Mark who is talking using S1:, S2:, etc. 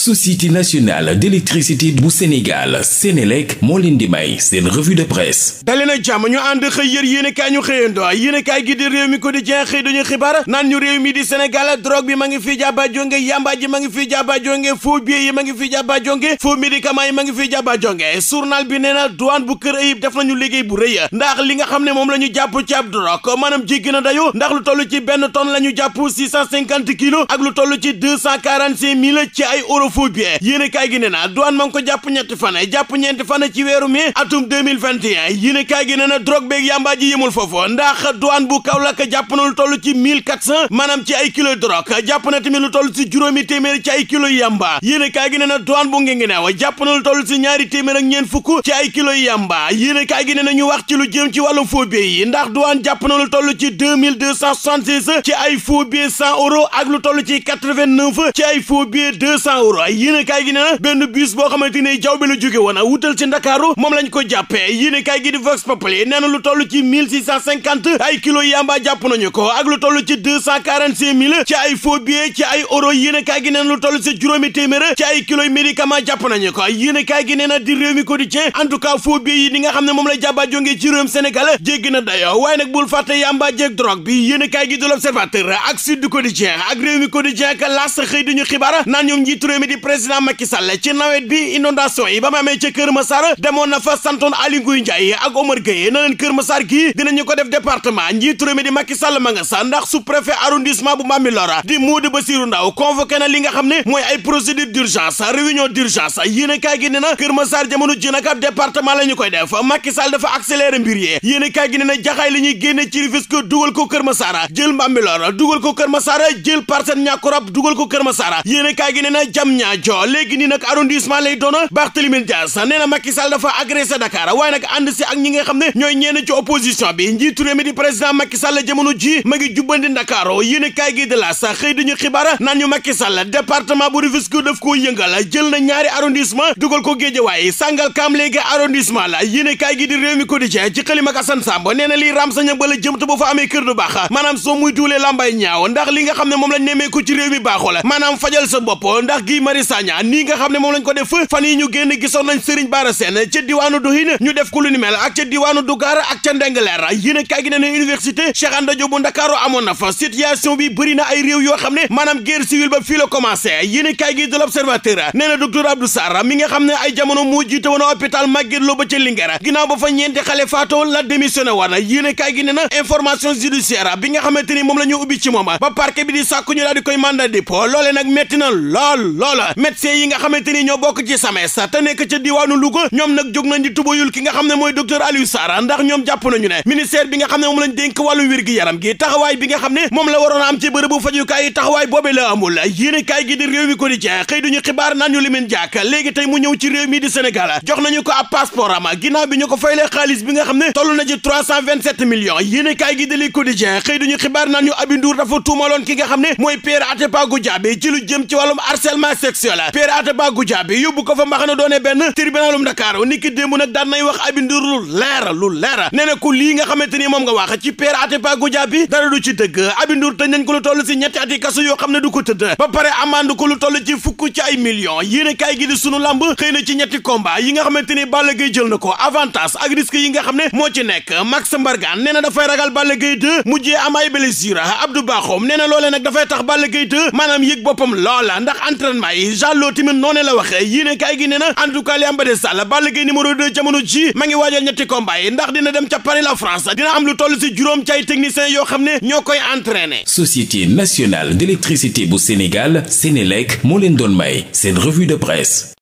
S1: société nationale d'électricité bu Sénégal Sénélec moo leen di may seen revue de presse dalee jàmm ñu ànd xëy yër yéenekaay ñu xëyando yéenekaay gi di réew mi quotidien xëy dañu xibaar naan ñu réew mi di Sénégal drogue bi ma ngi fii jàba jonge yamba ji ma ngi fii jàba jonge faux billets yi ma ngi fii jàba jonge faux médicaments yi ma ngi fii jàba jonge journal bi nee na douane bu kër ayib def nañu liggéey bu rëy ndax li nga xam ne moom la ñu jàpp ci ab drogue ndax lu toll ci benn tonne la ñu jàpp 650 kilos ak lu toll ci 245 mille ci ay euro faux billets yéen a kaay gi ne na douane ma ngi ko jàpp ñetti fan jàpp ñeenti fan ci weeru mi atum 2021 yéen a kaay gi ne na drogue beeg yàmbaa ji yëmul foofu ndax douane bu Kaolack jàpp na lu toll ci 1400 maanaam ci ay kilo drogue jàpp na tamit lu toll ci juróomi téeméer ci ay kilo yàmba yéen a kaay ne na douane bu Guinguinéo jàpp na lu toll ci ñaari téeméer ak ñeent fukk ci ay kilo yàmba yéen a kaay gi ne na ñu wax ci lu jëm ci wàllum faux billets yi ndax douane jàpp na lu toll ci 2266 ci ay faux billets 100 euros ak lu toll ci 89 ci ay faux billets 200 euros yéene kaay gi ne na benn bus boo xamante ni jaww bi la jóge woon wutal ci ndakaaru moom lañ ko jàppee yéene kaay gi di vox populi nee na lu toll ci mille six cent cinquante ay kilos yamba jàpp nañu ko ak lu toll ci deux cent quarante cinq mille ci ay faux billets ci ay euros yéene kaay gi nee lu toll ci juróomi téeméer ci ay kilos médicament jàpp nañu ko yéene kaay gi nee na di réew mi quotidien en tout cas faux billets yi ni nga xam ne moom la jàbbaa jóngee ci réewum Sénégal na dayo waaye nag bul fàtte yamba jeeg drogue bi yéene kaay gi du l'observateur ak sud du quotidien ak di président Macky Sall ci nawet bi inondation yi ba mu amee ca Kër Massar demoon na santoon Aly Ngouille Ndiaye ak Omar Gueye na leen Kër Massar gii dinañu ko def département njiitu réew mi di Macky Sall ma nga sa dax sous-préfet arrondissement bu Bambilor di Modou Bassirou Ndaw convoqué na li nga xam ne mooy ay procédure d'urgence réunion d'urgence yéen a kaay gi ne na Kër Massar jamono ji nag ab département la ñu koy def Macky Sall dafa accéléré mbir yi yéen a kaay gi ne na jaxaay li ñuy ko Kër Massar jël Bambilor dugal ko Kër Massar ko Kër Massar yéen gi Diamniadio léegi nii nag arrondissement waaye nag ànd si ak ñi nga xam ne bi njiitu réew mi di président Macky la sax xëy dañu xibaar naan ñu Macky Sall département bu Rufisque daf koo ko di réew ci xëlim ak Assane Samb nee na lii ram saña bala jëm te bu amee kër du baax maanaam soo muy duulee lambay ñaaw ndax li nga xam ne moom lañ nemmeeku ci réew mi baaxoo la maanaam fajal sa bopp ndax gi Mari Sagna nii nga xam ne moom lañ ko def fan yi ñu génn gisoon nañ Serigne Bara Sène ca diwaanu Dohine ñu def ku mel ak ca diwaanu Dougar ak ca Ndengler yéen kaay gi ne na université Cheikh Anta bu Ndakaaru amoon na fa situation bi bëri ay réew yoo xam ne maanaam guerre civile ba fii la commencé yéen kaay gi de l'Observateur nee na docteur Abdou Sarr mi nga xam ne ay jamono moo jiite woon hôpital Maguette Lô ba ca Linguère ginnaaw ba fa ñeenti la yi nga xamante ni ñoo bokk ci SAMES te nekk diwaanu Louga ñoom nag jóg nañ tubayul ki nga xam ne mooy docteur Aliou Sarr ndax ñoom jàpp nañu ne ministère bi nga xam ne moom lañ dénk wàllu wér gi yaram gi taxawaay bi nga xam ne moom la waroon a am ci bërëbu fajukaay yi taxawaay boobee la amul yéene kaay gi di réew mi quotidien xëy duñu xibaar naan limin jàkk léegi tey mu ñëw ci réew mi di Sénégal jox nañu ko ab passeport am xam ne toll na ci 327 millions yéene kaay gi di li quotidien xëy injection la Pierre Atepa Goudiaby yóbbu ko fa mbaxana doone benn tribunalum Dakar niki démb nag daan wax Aby leer lu leer nee na ko lii nga xamante ni moom nga wax ci Pierre Atepa Goudiaby dara du ci dëgg Aby Ndour tëj lu toll si ñetti ati kaso yoo xam ne du ko tëdd ba pare amande ko lu toll ci fukk ci ay millions yéen a kaay sunu lamb xëy na ci ñetti combat yi nga xamante ni Balla Gaye jël na ko avantage ak risque yi nga xam ne moo ci nekk Max Mbargane nee na dafay ragal Balla Gaye 2 mujjee am ay blessure na loolee nag dafay tax Balla Gaye 2 maanaam yëg boppam bàyyi Jean Lo tamit la waxee yéene kaay gi nee na en tout cas li am ba des sàll Balla Gaye numéro 2 jamono ji ma ngi waajal ñetti combat yi ndax dina dem ca Paris la France dina am lu toll si juróom ci ay techniciens yoo xam ne ñoo koy entraîner. Société nationale d'électricité bu Sénégal Sénélec moo leen doon may seen revue de presse.